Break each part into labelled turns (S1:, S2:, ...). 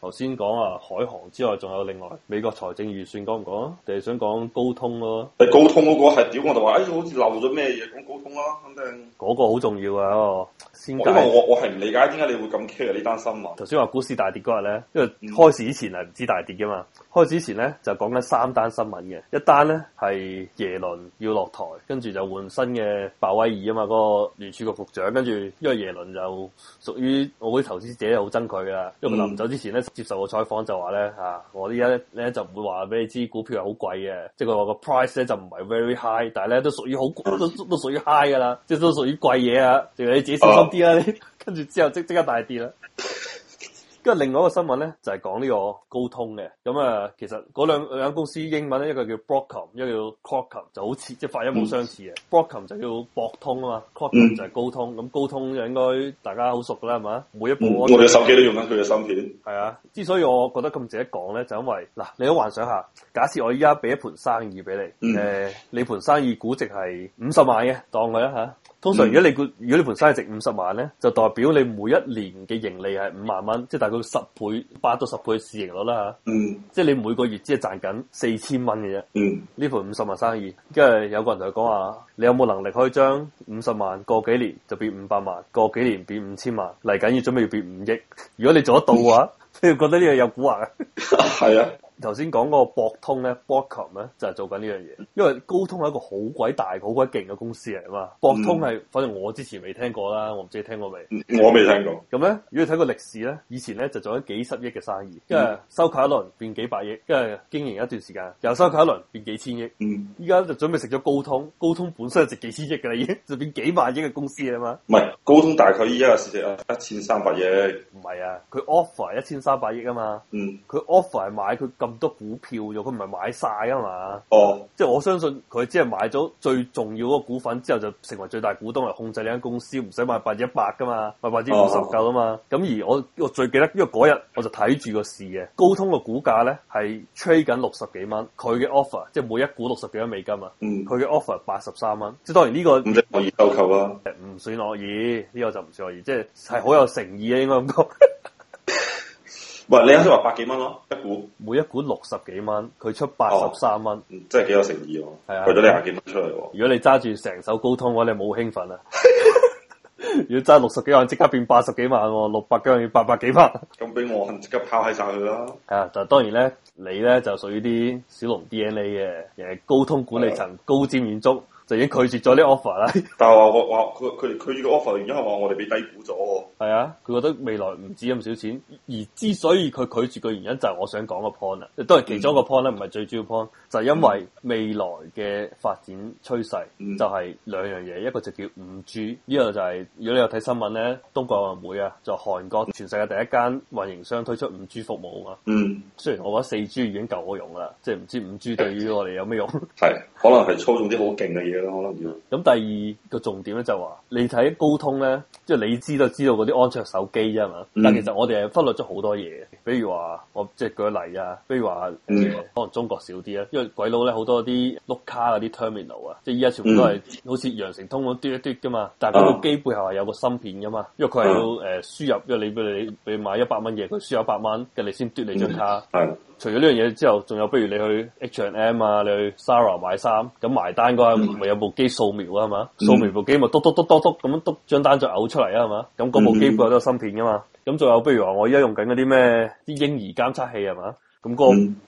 S1: 頭先講啊，海航之外，仲有另外美國財政預算講唔講啊？定係想講高通咯？高通嗰個係屌我就話，哎，好
S2: 似漏咗咩嘢講高通啦，肯定。
S1: 嗰個好重要啊！我因為我我係唔理解點解你會咁 care 呢單新聞。頭先話股市大跌嗰日咧，因為開始之前係唔知大跌噶嘛。嗯、開始之前咧就講緊三單新聞嘅，一單咧係耶倫要落台，跟住就換新嘅鮑威爾啊嘛，嗰、嗰個聯儲局局長。跟住因為耶倫就屬於我啲投資者好憎佢噶，因為佢臨走之前咧。接受個採訪就話咧嚇，我依家咧就唔會話俾你知股票係好貴嘅，即佢話個 price 咧就唔係 very high，但係咧都屬於好 都都屬於 high 噶啦，即係都屬於貴嘢啊！就係你自己小心啲啦，跟住 之後即即刻大跌啦。 即係另外一個新聞咧，就係、是、講呢個高通嘅。咁、嗯、啊，其實嗰兩兩公司英文咧，一個叫 Broadcom，、um, 一個叫 Qualcomm，就好似即係發音好相似嘅。Broadcom、嗯、就叫博通啊嘛，Qualcomm、嗯、就係高通。咁高通就應該大家好熟噶啦，係嘛？每一部、嗯、我哋嘅手機都用緊佢嘅芯片。係啊，之所以我覺得咁值得講咧，就因為嗱，你都幻想下，假設我依家俾一盤生意俾你，誒、嗯呃，你盤生意估值係五十萬嘅，當佢啦吓。通常如果你估、嗯、如果你盤生意值五十萬咧，就代表你每一年嘅盈利係五萬蚊，即係大概十倍八到十倍市盈率啦吓。嗯，即係你每個月即係賺緊四千蚊嘅啫。嗯，呢盤五十萬生意，跟住有個人同佢講話，你有冇能力可以將五十萬過幾年就變五百萬，過幾年變五千萬嚟緊要準備要變五億？如果你做得到嘅話，嗯、你又覺得呢樣有蠱惑嘅？係啊。頭先講嗰個博通咧 Broadcom 咧就係、是、做緊呢樣嘢，因為高通係一個好鬼大、好鬼勁嘅公司嚟啊嘛。嗯、博通係，反正我之前未聽過啦，我唔知你聽過未？我未聽過。咁咧，如果你睇個歷史咧，以前咧就做咗幾十億嘅生意，跟住收購一輪變幾百億，跟住經營一段時間又收購一輪變幾千億。嗯，依家就準備食咗高通，高通本身係值幾千億嘅啦，已 經就變幾萬億嘅公司啊嘛。
S2: 唔係，高通大概依家嘅市值一千三百億。
S1: 唔係啊，佢 offer 一千三百億啊嘛。嗯，佢 offer 係買佢咁。咁多股票，佢唔係買晒噶嘛？哦，oh. 即係我相信佢只係買咗最重要嗰個股份之後，就成為最大股東嚟，控制呢間公司，唔使買百分之百噶嘛，或百分之五十夠啊嘛。咁、oh. 而我我最記得因個嗰日，我就睇住個市嘅，高通個股價咧係吹 r 緊六十幾蚊，佢嘅 offer 即係每一股六十幾蚊美金啊，佢嘅 offer 八十三蚊，即係當然呢個唔算惡意收購啦，唔算惡意，呢個就唔算惡意，即係係好有誠意啊，應該咁講。喂，你啱先話百幾蚊咯，一股，每一股六十幾蚊，佢出八十三蚊，真係幾有誠意喎。佢咗的你廿幾蚊出嚟喎。如果你揸住成手高通，嘅話你冇興奮啊！ 如果揸六十幾萬，即刻變八十幾萬，六百幾萬要八百幾萬。咁俾我，即刻拋喺晒佢啦。啊！但當然咧，你咧就屬於啲小龍 DNA 嘅，人係高通管理層，的高瞻遠矚。就已經拒絕咗啲 offer 啦。但係話話佢佢佢拒個 offer，原因係話我哋俾低估咗。係啊，佢覺得未來唔止咁少錢。而之所以佢拒絕嘅原因就係我想講個 point 啦，都係其中一個 point 咧，唔係最主要 point，嗯、就係因為未來嘅發展趨勢就係兩樣嘢，嗯、一個就叫五 G，呢個就係、是、如果你有睇新聞咧，冬奧運會啊，就韓國全世界第一間運營商推出五 G 服務啊。嗯。雖然我覺得四 G 已經夠我用啦，即係唔知五 G 對於我哋有咩用？係、嗯，可能係操縱啲好勁嘅嘢。咁第二個重點咧就話，你睇高通咧，即係你知都知道嗰啲安卓手機啫嘛。但其實我哋係忽略咗好多嘢，比如話我即係舉例啊，比如話可能中國少啲啊，因為鬼佬咧好多啲碌卡嗰啲 terminal 啊，即係依家全部都係好似羊城通咁嘟一嘟噶嘛。但係嗰個機背後係有個芯片噶嘛，因為佢係要誒輸入，因為你俾你俾買一百蚊嘢，佢輸入一百蚊嘅，你先嘟你張卡。除咗呢樣嘢之後，仲有不如你去 H and M 啊，你去 Zara 買衫咁埋單嗰下咪有部機掃描啊？係嘛，掃描部機咪督督督督，篤咁督張單再嘔出嚟啊？係嘛，咁嗰部機背後都有芯片噶嘛。咁仲有不如話我而家用緊嗰啲咩啲嬰兒監測器係嘛？咁嗰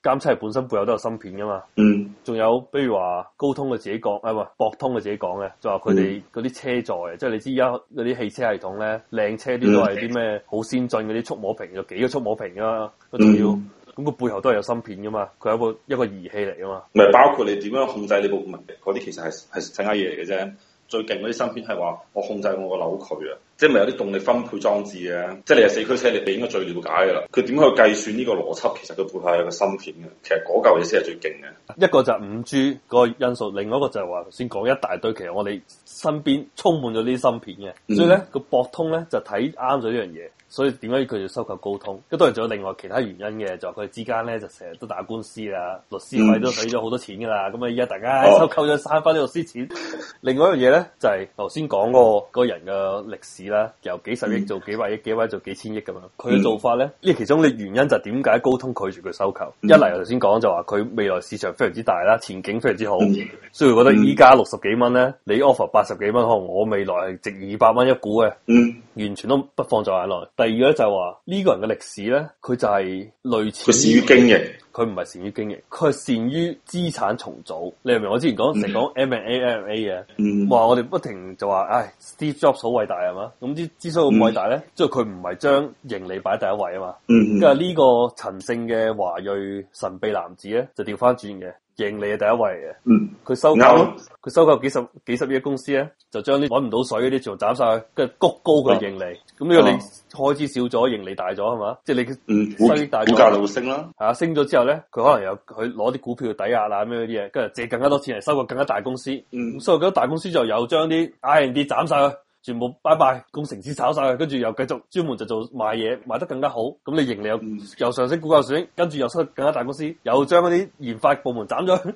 S1: 個監測器本身背後都有芯片噶嘛。嗯，仲有不如話高通佢自己講啊嘛，博通佢自己講嘅就話佢哋嗰啲車載即係你知而家嗰啲汽車系統咧靚車啲都係啲咩好先進嗰啲觸摸屏，有幾個觸摸屏啊，啦，仲要。咁個背後都係有芯片噶嘛，佢係一個一個儀器嚟噶嘛。唔係包括你點樣控
S2: 制你部物，嗰啲其實係係細家嘢嚟嘅啫。最勁嗰啲芯片係話我控制我個扭曲啊。即係咪有啲動力分配裝置啊？即係你係四驅車，你哋應該最了解噶啦。佢點去計算呢個邏輯？其實佢背後有一個芯片嘅。其實嗰嚿嘢先係最勁嘅。
S1: 一個就係五 G 個因素，另外一個就係話頭先講一大堆。其實我哋身邊充滿咗呢啲芯片嘅、嗯。所以咧，個博通咧就睇啱咗呢樣嘢。所以點解佢要收購高通？咁當然仲有另外其他原因嘅，就係佢哋之間咧就成日都打官司啊，律師費都使咗好多錢噶啦。咁啊、嗯，而家大家收購咗三分呢律師錢。哦、 另外一樣嘢咧就係頭先講嗰個人嘅歷史。 由幾十億做幾百億，嗯、幾百億做幾千億咁樣，佢嘅做法咧，呢、嗯、其中嘅原因就點解高通拒絕佢收購？嗯、一嚟頭先講就話佢未來市場非常之大啦，前景非常之好，嗯、所以我覺得依家六十幾蚊咧，嗯、你 offer 八十幾蚊，可能我未來係值二百蚊一股嘅，嗯、完全都不放在眼內。第二咧就係話呢、呢個人嘅歷史咧，佢就係類似佢善於經營。佢唔係善於經營，佢係善於資產重組。你明唔明？我之前講成講 M and A M and A 嘅，話我哋不停就話，唉，哎，Steve Jobs 好偉大係嘛？咁之之所以咁偉大咧，即係佢唔係將盈利擺第一位啊嘛。跟住呢個陳姓嘅華裔神秘男子咧，就調翻轉嘅。盈利係第一位嘅，嗯，佢收購佢、嗯、收購幾十幾十億公司咧，就將啲搵唔到水嗰啲全部斬晒，跟住谷高佢盈利，咁呢、嗯嗯、個你開支少咗，盈利大咗係嘛？即係你嗯收益大、嗯，股，股價就會升啦。係啊，升咗之後咧，佢可能又去攞啲股票抵押啦，咁樣嗰啲嘢，跟住借更加多錢嚟收購更加大公司，嗯，嗯嗯收購咗大公司就又將啲 R&D 斬晒。全部拜拜，工程師炒晒，跟住又繼續專門就做賣嘢，賣得更加好，咁你盈利又、嗯、又上升，股價上升，跟住又出更加大公司，又將嗰啲研發部門斬咗，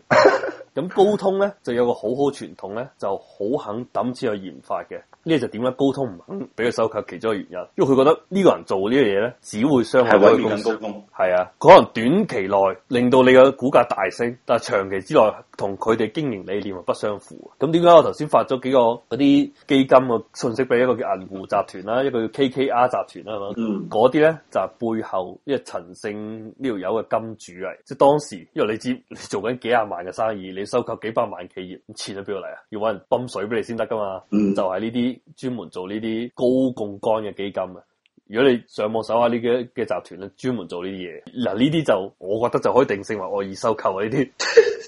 S1: 咁 高通咧就有個好好傳統咧，就好肯抌錢去研發嘅。呢就點解高通唔肯俾佢收購其中一個原因，因為佢覺得呢個人做呢啲嘢咧，只會傷害佢嘅員工。係啊，可能短期內令到你嘅股價大升，但係長期之內同佢哋經營理念係不相符。咁點解我頭先發咗幾個啲基金嘅信息俾一個叫銀湖集團啦，一個叫 KKR 集團啦，係嘛？嗰啲咧就係、是、背後因為陳勝呢度有嘅金主嚟，即係當時因為你知你做緊幾廿萬嘅生意，你收購幾百萬企業，錢喺邊度嚟啊？要揾人泵水俾你先得㗎嘛？嗯、就係呢啲。專門做呢啲高槓桿嘅基金啊！如果你上網搜下呢啲嘅集團咧，專門做呢啲嘢。嗱呢啲就我覺得就可以定性為惡意收購啊呢啲。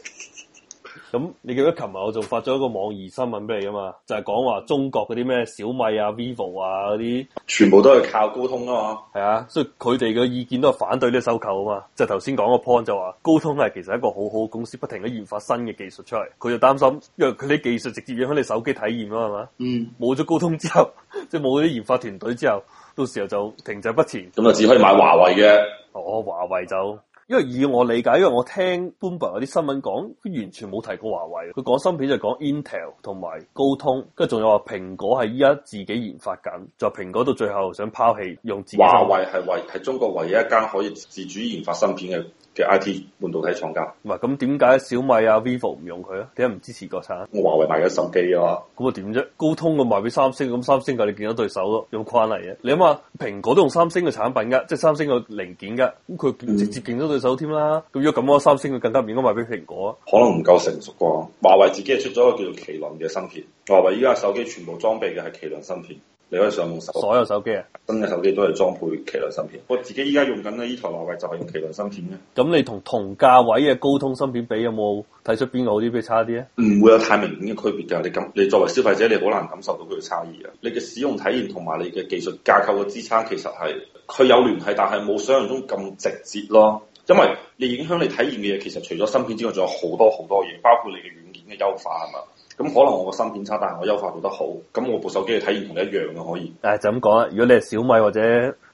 S1: 咁你記得，琴日我仲發咗一個網易新聞俾你噶嘛？就係講話中國嗰啲咩小米啊、VIVO 啊嗰啲，全部都係靠高通啊嘛。係啊，所以佢哋嘅意見都係反對呢啲收購啊嘛。就頭先講個 point 就話，是，高通係其實一個好好公司，不停嘅研發新嘅技術出嚟。佢就擔心，因為佢啲技術直接影響你手機體驗啊嘛。嗯。冇咗高通之後，即係冇啲研發團隊之後，到時候就停滯不前。咁，嗯、就只可以買華為嘅。哦，華為就。因為以我理解，因為我聽 Bloomberg 啲新聞講，佢完全冇提過華為，佢講芯片就講 Intel 同埋高通，跟住仲有話蘋果係依家自己研發緊，就蘋果到最後想拋棄用華為係唯係中
S2: 國唯一一間可以自主研發芯片嘅嘅 I T 半導體廠家，
S1: 唔係咁點解小米啊、Vivo 唔用佢咧？點解唔支持國產？我華為賣緊
S2: 手機啊嘛。
S1: 咁啊點啫？高通佢賣俾三星，咁三星佢你競爭對手咯，有冇慣嚟嘅。你諗下，蘋果都用三星嘅產品㗎，即係三星嘅零件㗎。咁佢直接競爭對手添、啊、啦。咁、嗯、如果咁嘅三星佢更加唔應該賣俾蘋果。
S2: 可能唔夠成熟啩？華為自己係出咗個叫做麒麟嘅芯片，華為依家手機全部裝備嘅係麒麟芯片。
S1: 你可以上所有手機啊！新嘅手機都係裝配麒麟芯片。我
S2: 自己依家用緊咧，依台華為
S1: 就係用麒麟芯片嘅。咁你同同價位嘅高通芯片比，有冇睇出邊個好啲，邊個差啲咧？唔會有太明顯嘅區別㗎。你感你作為消費者，你好難感受到佢嘅差異啊。
S2: 你嘅使用體驗同埋你嘅技術架構嘅支撐，其實係佢有聯繫，但係冇想象中咁直接咯。因為你影響你體驗嘅嘢，其實除咗芯片之外，仲有好多好多嘢，包括你嘅軟件嘅優化，係咪？咁可能我個芯片差，但係我優化做得好，咁我部手機嘅體驗同你一樣嘅
S1: 可以。誒、啊、就咁講啦，如果你係小米或者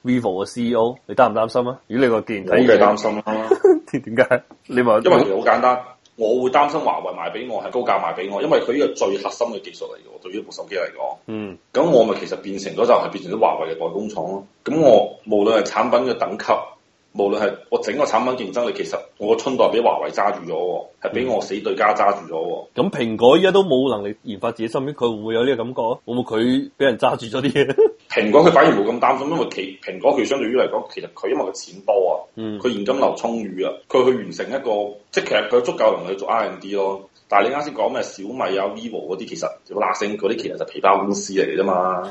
S1: VIVO 嘅 CEO，你擔唔擔心啊？如果你個，我梗係擔心啦、啊？點解？ 你話因為好簡
S2: 單，我會擔心華為賣俾我係高價賣俾我，因為佢呢個最核心嘅技術嚟嘅，對於一部手機嚟講。嗯。咁我咪其實變成咗就係變成咗華為嘅代工廠咯。咁我、嗯、無論係產品嘅等級。無論係我整個產品競爭力，其實我個春袋俾華為揸住咗，係俾我死對家揸住咗。
S1: 咁、嗯、蘋果依家都冇能力研發自己芯片，佢會唔會有呢個感覺？會唔會佢俾人揸住咗啲嘢？ 蘋果佢反而冇咁
S2: 擔心，因為其蘋果佢相對於嚟講，其實佢因為佢錢多啊，嗯，佢現金流充裕啊，佢去完成一個，即係其實佢足夠能力去做 R&D 咯。但係你啱先講咩？小米啊、VIVO 嗰啲，其實好拉聲，嗰啲其實就皮包公司嚟嘅啫嘛。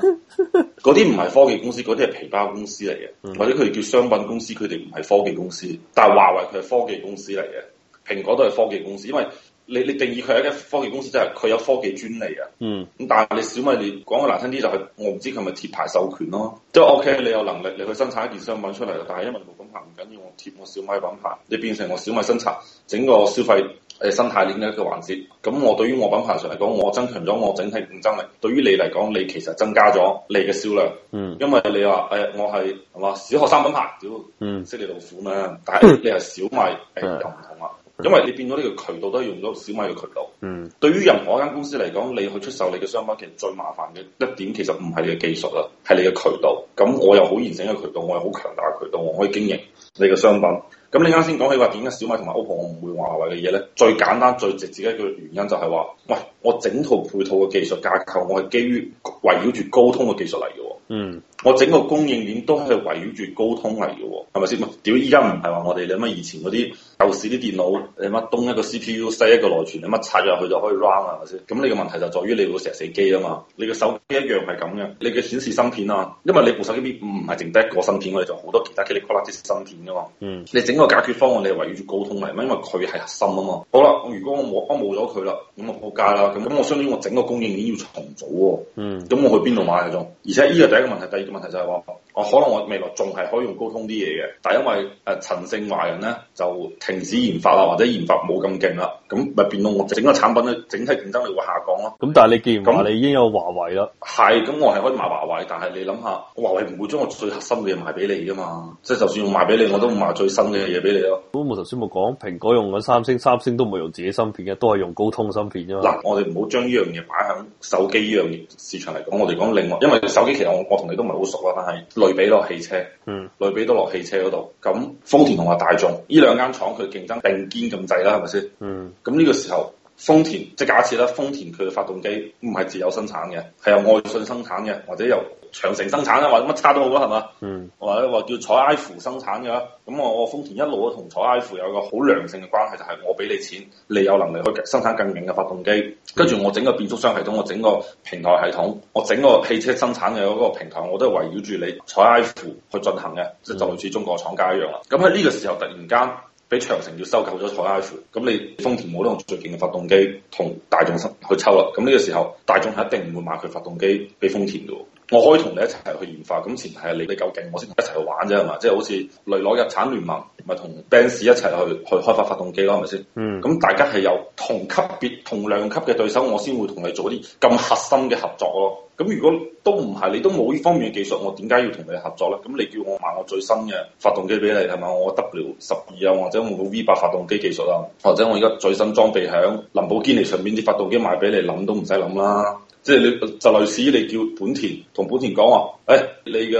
S2: 嗰啲唔係科技公司，嗰啲係皮包公司嚟嘅，嗯、或者佢哋叫商品公司，佢哋唔係科技公司。但係華為佢係科技公司嚟嘅，蘋果都係科技公司，因為你你定義佢係一間科技公司，即係佢有科技專利啊。嗯。咁但係你小米，你講句難聽啲就係、是，我唔知佢係咪貼牌授權咯、啊，即係 OK。你有能力，你去生產一件商品出嚟，但係因為冇品牌唔緊要，我貼我小米品牌，你變成我小米生產整個消費。係生態鏈嘅一個環節，咁我對於我品牌上嚟講，我增強咗我整體競爭力。對於你嚟講，你其實增加咗你嘅銷量，嗯，因為你話誒、欸，我係係嘛小學生品牌，屌，嗯、識你老虎咩？但係你係小米、嗯欸、又唔同啦，因為你變咗呢個渠道都係用咗小米嘅渠道。嗯，對於任何一間公司嚟講，你去出售你嘅商品，其實最麻煩嘅一點其實唔係你嘅技術啦，係你嘅渠道。咁我又好完整嘅渠道，我又好強大嘅渠道，我可以經營你嘅商品。咁你啱先講起話點解小米同埋 OPPO 我唔會話華為嘅嘢咧？最簡單、最直接嘅一個原因就係話，喂。我整套配套嘅技術架構，我係基於圍繞住高通嘅技術嚟嘅。嗯，我整個供應鏈都係圍繞住高通嚟嘅，係咪先？屌依家唔係話我哋你乜以前嗰啲舊時啲電腦，你乜東一個 CPU，西一個內存，你乜拆咗去就可以 run o d 係咪先？咁你嘅問題就在於你會成日死機啊嘛。你嘅手機一樣係咁嘅，你嘅顯示芯片啊，因為你部手機唔係淨得一個芯片，我哋就好多其他七零八落啲芯片噶嘛。嗯，你整個解決方案你係圍繞住高通嚟，因為佢係核心啊嘛。好啦，如果我冇我冇咗佢啦，咁啊撲街啦。咁我相信我整個供應鏈要重組喎，哦。嗯，咁我去邊度買嘅？而且呢個第一個問題，第二個問題就係、是、話，我可能我未來仲係可以用高通啲嘢嘅，但係因為誒陳姓華人咧就停止研發啦，或者研發冇咁勁啦，咁咪變到我整個產品嘅整體競爭力會下降咯。
S1: 咁、嗯、但係你既然話你已經有華為啦，
S2: 係咁我係可以買華為，但係你諗下，華為唔會將我最核心嘅嘢賣俾你㗎嘛？即係就算我賣俾你，我都唔賣最新嘅嘢俾你咯。
S1: 咁我頭先冇講，蘋果用緊三星，三星都唔用自己芯片嘅，都係用高通芯片啫嗱，我哋。唔好
S2: 將呢樣嘢擺喺手機呢樣市場嚟講，我哋講另外，因為手機其實我我同你都唔係好熟啦，但係類比落汽車，
S1: 嗯，
S2: 類比到落汽車嗰度，咁豐田同埋大眾呢兩間廠佢競爭並肩咁滯啦，係咪先？嗯，咁呢個時候。豐田即係假設啦，豐田佢嘅發動機唔係自有生產嘅，係由愛信生產嘅，或者由長城生產啦，或者乜叉都好啦，係嘛？嗯，或者話叫采埃孚生產嘅，咁我我豐田一路都同采埃孚有個好良性嘅關係，就係、是、我俾你錢，你有能力去生產更勁嘅發動機，跟住、嗯、我整個變速箱系統，我整個平台系統，我整個汽車生產嘅嗰個平台，我都係圍繞住你采埃孚去進行嘅，即係就好、是、似中國廠家一樣啦。咁喺呢個時候突然間。俾長城要收購咗台 iPhone，咁你豐田冇得用最勁嘅發動機，同大眾去抽啦，咁呢個時候大眾係一定唔會買佢發動機，俾豐田嘅。我可以同你一齊去研發，咁前提係你哋究竟，我先同你一齊去玩啫，係嘛？即係好似雷諾日產聯盟，咪同 Benz 一齊去去開發發動機咯，係咪先？咁、嗯、大家係有同級別同量級嘅對手，我先會同你做啲咁核心嘅合作咯。咁如果都唔係，你都冇呢方面嘅技術，我點解要同你合作咧？咁你叫我賣我最新嘅發動機俾你係嘛？我 W 十二啊，或者我 V 八發動機技術啊，或者我而家最新裝備響林寶堅尼上面啲發動機賣俾你，諗都唔使諗啦。即係你就類似你叫本田同本田講話，誒、哎，你嘅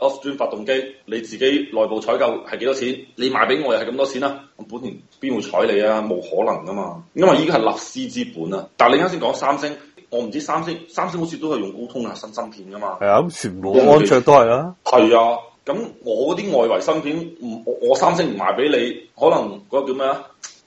S2: Off-Drum 發動機，你自己內部採購係幾多錢？你賣俾我又係咁多錢啦？咁本田邊會睬你啊？冇可能噶嘛！因為依家係立師資
S1: 本啊！但係你啱
S2: 先講三星，我唔知三星，三星好似都係用高通啊新芯片，噶嘛？係啊，
S1: 咁全部安卓都係啊。係啊，
S2: 咁我嗰啲外圍芯片，唔，我，我三星唔賣俾你，可能嗰個叫咩啊？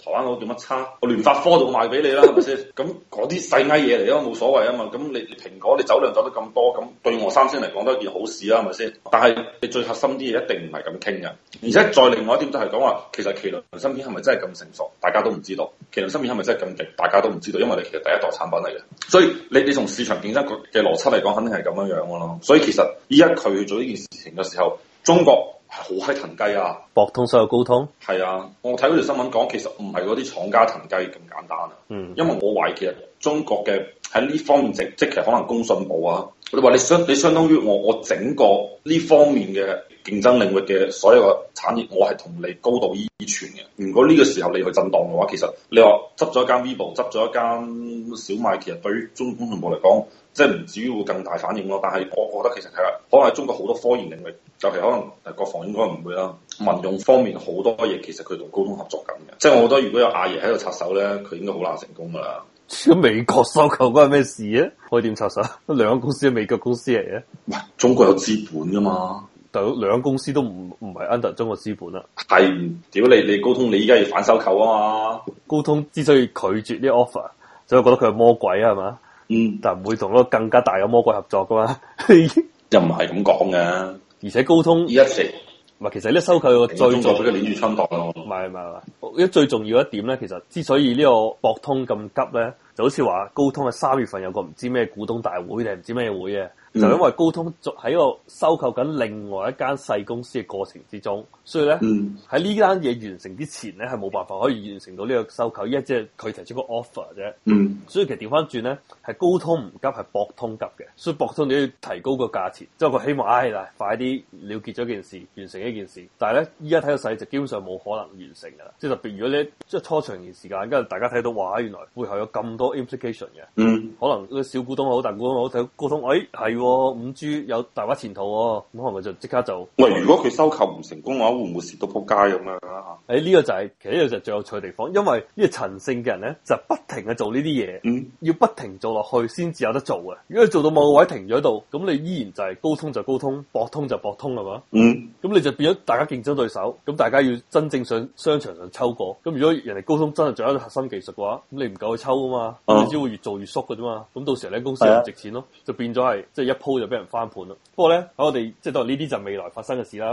S2: 台灣佬做乜叉？我聯發科度賣俾你啦，係咪先？咁嗰啲細埃嘢嚟啊，冇所謂啊嘛。咁你你蘋果你走量走得咁多，咁對我三星嚟講都係件好事啊，係咪先？但係你最核心啲嘢一定唔係咁傾嘅。而且再另外一點就係講話，其實麒麟芯片係咪真係咁成熟？大家都唔知道。麒麟芯片係咪真係咁勁？大家都唔知道，因為你其實第一代產品嚟嘅。所以你你從市場競爭嘅邏輯嚟講，肯定係咁樣樣嘅咯。所以其實依家佢做呢件事情嘅時候。中國係好閪騰雞啊！
S1: 博通、所有高通
S2: 係啊！我睇嗰條新聞講，其實唔係嗰啲廠家騰雞咁簡單啊！嗯，因為我懷疑其實中國嘅喺呢方面直即係可能工信部啊，你話你相你相當於我我整個呢方面嘅競爭領域嘅所有嘅產業，我係同你高度依存嘅。如果呢個時候你去震盪嘅話，其實你話執咗一間 VIVO，執咗一間小米，其實對於中工信部嚟講，即係唔至於會更大反應咯，但係我覺得其實係啦，可能中國好多科研領域，尤其可能國防應該唔會啦，民用方面好多嘢其實佢同高通合作緊嘅。即係我覺得如果有阿爺喺度插手咧，佢應該好難成功噶啦。
S1: 美國收購關係咩事啊？可以點插手？兩個公司係美國公司嚟嘅。喂，中國有資本噶嘛？兩兩公司都唔唔係 under 中國資本啊。係，屌你你高通你依家要反收購啊嘛？高通之所以拒絕呢個 offer，就係覺得佢係魔鬼啊，係嘛？嗯，但唔會同嗰個更加大嘅魔鬼合作噶嘛？ 又唔係咁講嘅。而且高通一成，唔係其實呢收購嘅再做嘅領主參代咯。唔係唔係唔係，一最重要，在在最重要一點咧，其實之所以個呢個博通咁急咧。就好似話高通喺三月份有個唔知咩股東大會定唔知咩會嘅，嗯、就因為高通喺個收購緊另外一間細公司嘅過程之中，所以咧喺呢單嘢、嗯、完成之前咧係冇辦法可以完成到呢個收購，一即係佢提出個 offer 啫。嗯、所以其實調翻轉咧係高通唔急，係博通急嘅，所以博通你要提高個價錢，即係佢希望唉嗱快啲了結咗件事，完成呢一件事。但係咧依家睇個勢就基本上冇可能完成㗎啦，即係特別如果你即係初長段時間，跟住大家睇到話原來背後有咁多。implication 嘅，嗯，可能個小股東好，大股東好，就高通，哎，係、哦、5G 有大把前途、哦，咁係咪就即刻就？喂，如果佢收購唔成功嘅話，會唔會蝕到扑街咁樣啦？誒、哎，呢、這個就係、是、其實呢個就係最有趣嘅地方，因為個陳勝呢個陳姓嘅人咧，就是、不停嘅做呢啲嘢，嗯、要不停做落去先至有得做嘅。如果做到某個位停咗喺度，咁你依然就係高通就高通，博通就博通係嘛？嗯，咁你就變咗大家競爭對手，咁大家要真正上商場上抽過，咁如果人哋高通真係掌握咗核心技術嘅話，咁你唔夠去抽啊嘛？你、嗯、只會越做越縮嘅啫嘛，咁到時候公司唔值錢咯，吧就變咗係即係一鋪就俾人翻盤啦。不過咧我哋即係當然呢啲就是未來發生嘅事啦。